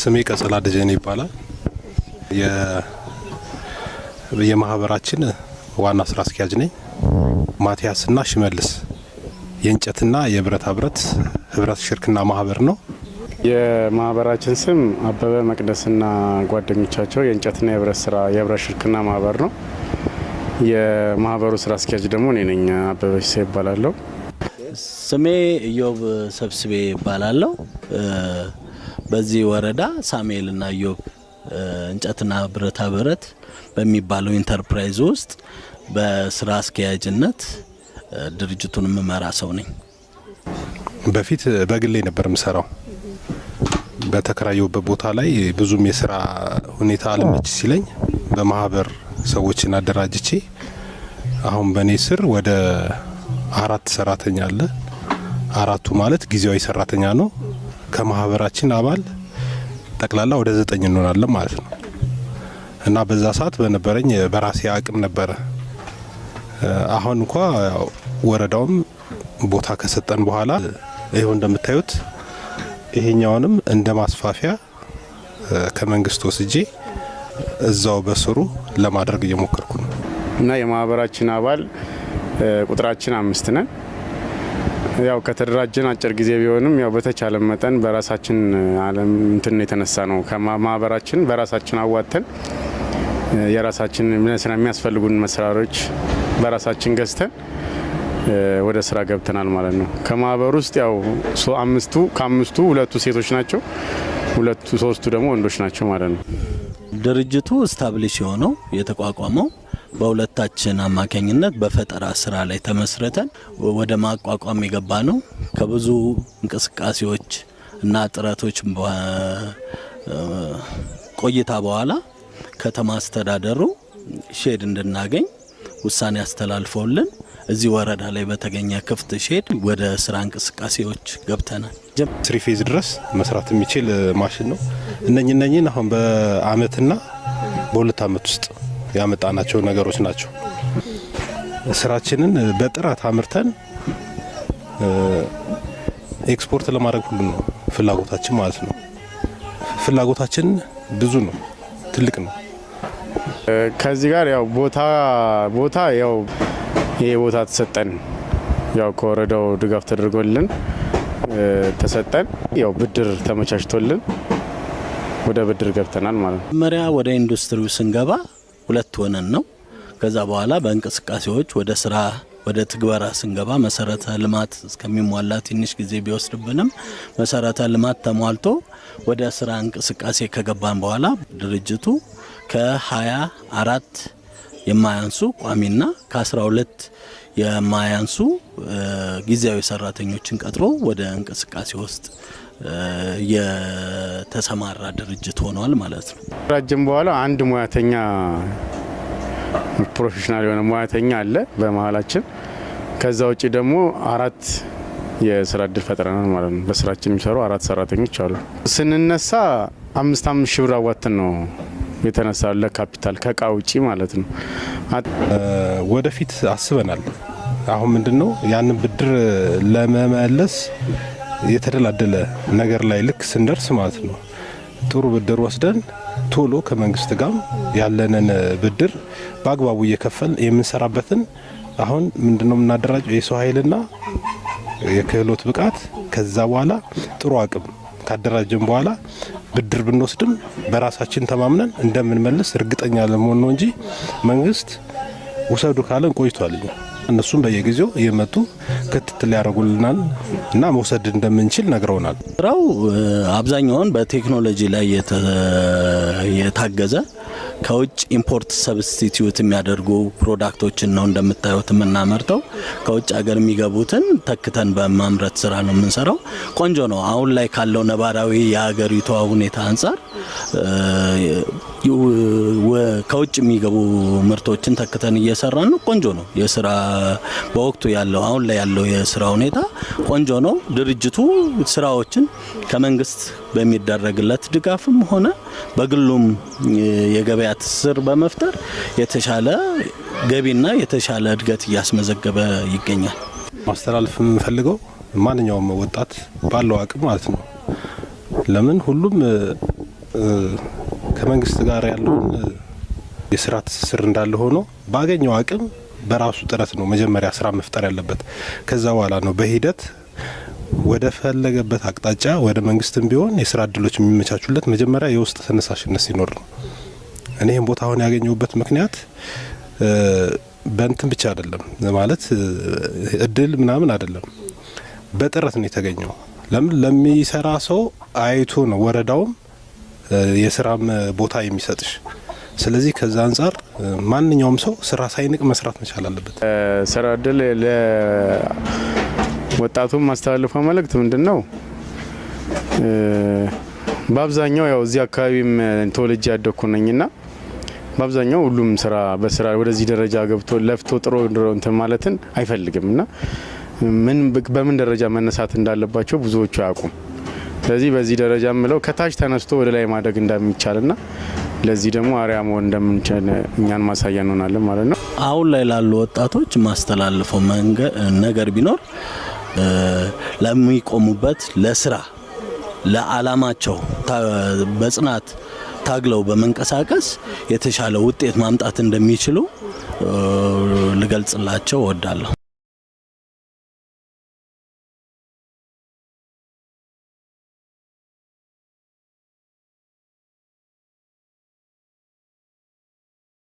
ስሜ ቀጸላ ደጀኔ ይባላል። የማህበራችን ዋና ስራ አስኪያጅ ነኝ። ማቲያስና ሽመልስ የእንጨትና የብረታ ብረት ህብረት ሽርክና ማህበር ነው። የማህበራችን ስም አበበ መቅደስና ጓደኞቻቸው የእንጨትና የብረት ስራ የህብረት ሽርክና ማህበር ነው። የማህበሩ ስራ አስኪያጅ ደግሞ እኔ ነኝ፣ አበበ ሲሳ ይባላለሁ። ስሜ ኢዮብ ሰብስቤ ይባላለሁ። በዚህ ወረዳ ሳሙኤልና ዮብ እንጨትና ብረታ ብረት በሚባለው ኢንተርፕራይዝ ውስጥ በስራ አስኪያጅነት ድርጅቱን የምመራ ሰው ነኝ። በፊት በግሌ ነበር የምሰራው። በተከራየሁበት ቦታ ላይ ብዙም የስራ ሁኔታ አልመች ሲለኝ በማህበር ሰዎችን አደራጅቼ አሁን በእኔ ስር ወደ አራት ሰራተኛ አለ። አራቱ ማለት ጊዜያዊ ሰራተኛ ነው። ከማህበራችን አባል ጠቅላላ ወደ ዘጠኝ እንሆናለን ማለት ነው እና በዛ ሰዓት በነበረኝ በራሴ አቅም ነበረ። አሁን እንኳ ወረዳውም ቦታ ከሰጠን በኋላ ይኸው እንደምታዩት ይሄኛውንም እንደ ማስፋፊያ ከመንግስት ወስጄ እዛው በስሩ ለማድረግ እየሞከርኩ ነው እና የማህበራችን አባል ቁጥራችን አምስት ነን። ያው ከተደራጀን አጭር ጊዜ ቢሆንም ያው በተቻለ መጠን በራሳችን አለም እንትን የተነሳ ነው ከማህበራችን በራሳችን አዋተን የራሳችን ስራ የሚያስፈልጉን መሳሪያዎች በራሳችን ገዝተን ወደ ስራ ገብተናል ማለት ነው። ከማህበር ውስጥ ያው አምስቱ ከአምስቱ ሁለቱ ሴቶች ናቸው፣ ሁለቱ ሶስቱ ደግሞ ወንዶች ናቸው ማለት ነው። ድርጅቱ ስታብሊሽ የሆነው የተቋቋመው በሁለታችን አማካኝነት በፈጠራ ስራ ላይ ተመስርተን ወደ ማቋቋም የገባ ነው። ከብዙ እንቅስቃሴዎች እና ጥረቶች ቆይታ በኋላ ከተማ አስተዳደሩ ሼድ እንድናገኝ ውሳኔ አስተላልፈውልን እዚህ ወረዳ ላይ በተገኘ ክፍት ሼድ ወደ ስራ እንቅስቃሴዎች ገብተናል። ስሪ ፌዝ ድረስ መስራት የሚችል ማሽን ነው። እነኝ እነኝን አሁን በአመትና በሁለት አመት ውስጥ ያመጣናቸው ነገሮች ናቸው። ስራችንን በጥራት አምርተን ኤክስፖርት ለማድረግ ሁሉ ነው ፍላጎታችን ማለት ነው። ፍላጎታችን ብዙ ነው፣ ትልቅ ነው። ከዚህ ጋር ያው ቦታ ቦታ ያው ይሄ ቦታ ተሰጠን፣ ያው ከወረዳው ድጋፍ ተደርጎልን ተሰጠን፣ ያው ብድር ተመቻችቶልን ወደ ብድር ገብተናል ማለት ነው። ወደ ኢንዱስትሪው ስንገባ ሁለት ሆነን ነው። ከዛ በኋላ በእንቅስቃሴዎች ወደ ስራ ወደ ትግበራ ስንገባ መሰረተ ልማት እስከሚሟላ ትንሽ ጊዜ ቢወስድብንም መሰረተ ልማት ተሟልቶ ወደ ስራ እንቅስቃሴ ከገባን በኋላ ድርጅቱ ከሀያ አራት የማያንሱ ቋሚና ከ12 የማያንሱ ጊዜያዊ ሰራተኞችን ቀጥሮ ወደ እንቅስቃሴ ውስጥ የተሰማራ ድርጅት ሆኗል ማለት ነው። ራጅም በኋላ አንድ ሙያተኛ ፕሮፌሽናል የሆነ ሙያተኛ አለ በመሀላችን። ከዛ ውጭ ደግሞ አራት የስራ እድል ፈጥረናል ማለት ነው። በስራችን የሚሰሩ አራት ሰራተኞች አሉ። ስንነሳ አምስት አምስት ሺ ብር አዋትን ነው የተነሳ ለካፒታል ከእቃ ውጪ ማለት ነው። ወደፊት አስበናል። አሁን ምንድን ነው ያንን ብድር ለመመለስ የተደላደለ ነገር ላይ ልክ ስንደርስ ማለት ነው ጥሩ ብድር ወስደን ቶሎ ከመንግስት ጋር ያለንን ብድር በአግባቡ እየከፈል የምንሰራበትን አሁን ምንድነው የምናደራጀው የሰው ኃይልና የክህሎት ብቃት ከዛ በኋላ ጥሩ አቅም ካደራጀን በኋላ ብድር ብንወስድም በራሳችን ተማምነን እንደምንመልስ እርግጠኛ ለመሆን ነው እንጂ መንግስት ውሰዱ ካለን ቆይቷል። እነሱም በየጊዜው እየመጡ ክትትል ያደርጉልናል እና መውሰድ እንደምንችል ነግረውናል። ስራው አብዛኛውን በቴክኖሎጂ ላይ የታገዘ ከውጭ ኢምፖርት ሰብስቲትዩት የሚያደርጉ ፕሮዳክቶችን ነው እንደምታዩት የምናመርተው። ከውጭ ሀገር የሚገቡትን ተክተን በማምረት ስራ ነው የምንሰራው። ቆንጆ ነው። አሁን ላይ ካለው ነባራዊ የሀገሪቷ ሁኔታ አንጻር ከውጭ የሚገቡ ምርቶችን ተክተን እየሰራን ነው። ቆንጆ ነው። የስራ በወቅቱ ያለው አሁን ላይ ያለው የስራ ሁኔታ ቆንጆ ነው። ድርጅቱ ስራዎችን ከመንግስት በሚደረግለት ድጋፍም ሆነ በግሉም የገበያ ትስስር በመፍጠር የተሻለ ገቢና የተሻለ እድገት እያስመዘገበ ይገኛል። ማስተላለፍ የምፈልገው ማንኛውም ወጣት ባለው አቅም ማለት ነው ለምን ሁሉም ከመንግስት ጋር ያለውን የስራ ትስስር እንዳለ ሆኖ ባገኘው አቅም በራሱ ጥረት ነው መጀመሪያ ስራ መፍጠር ያለበት። ከዛ በኋላ ነው በሂደት ወደ ፈለገበት አቅጣጫ ወደ መንግስትም ቢሆን የስራ እድሎች የሚመቻቹለት መጀመሪያ የውስጥ ተነሳሽነት ሲኖር ነው። እኔ ይህን ቦታ አሁን ያገኘሁበት ምክንያት በእንትን ብቻ አይደለም ማለት እድል ምናምን አይደለም፣ በጥረት ነው የተገኘው። ለምን ለሚሰራ ሰው አይቶ ነው ወረዳውም የስራም ቦታ የሚሰጥሽ። ስለዚህ ከዛ አንጻር ማንኛውም ሰው ስራ ሳይንቅ መስራት መቻል አለበት። ስራ እድል ለወጣቱም ማስተላልፈው መልእክት ምንድን ነው? በአብዛኛው ያው እዚህ አካባቢም ተወልጄ ያደግኩ ነኝና በአብዛኛው ሁሉም ስራ በስራ ወደዚህ ደረጃ ገብቶ ለፍቶ ጥሮ እንትን ማለትን አይፈልግም እና ምን በምን ደረጃ መነሳት እንዳለባቸው ብዙዎቹ አያውቁም። ስለዚህ በዚህ ደረጃ የምለው ከታች ተነስቶ ወደ ላይ ማደግ እንደሚቻልና ለዚህ ደግሞ አሪያ መሆን እንደምንችል እኛን ማሳያ እንሆናለን ማለት ነው። አሁን ላይ ላሉ ወጣቶች ማስተላልፈው ነገር ቢኖር ለሚቆሙበት ለስራ ለዓላማቸው በጽናት ታግለው በመንቀሳቀስ የተሻለ ውጤት ማምጣት እንደሚችሉ ልገልጽላቸው እወዳለሁ።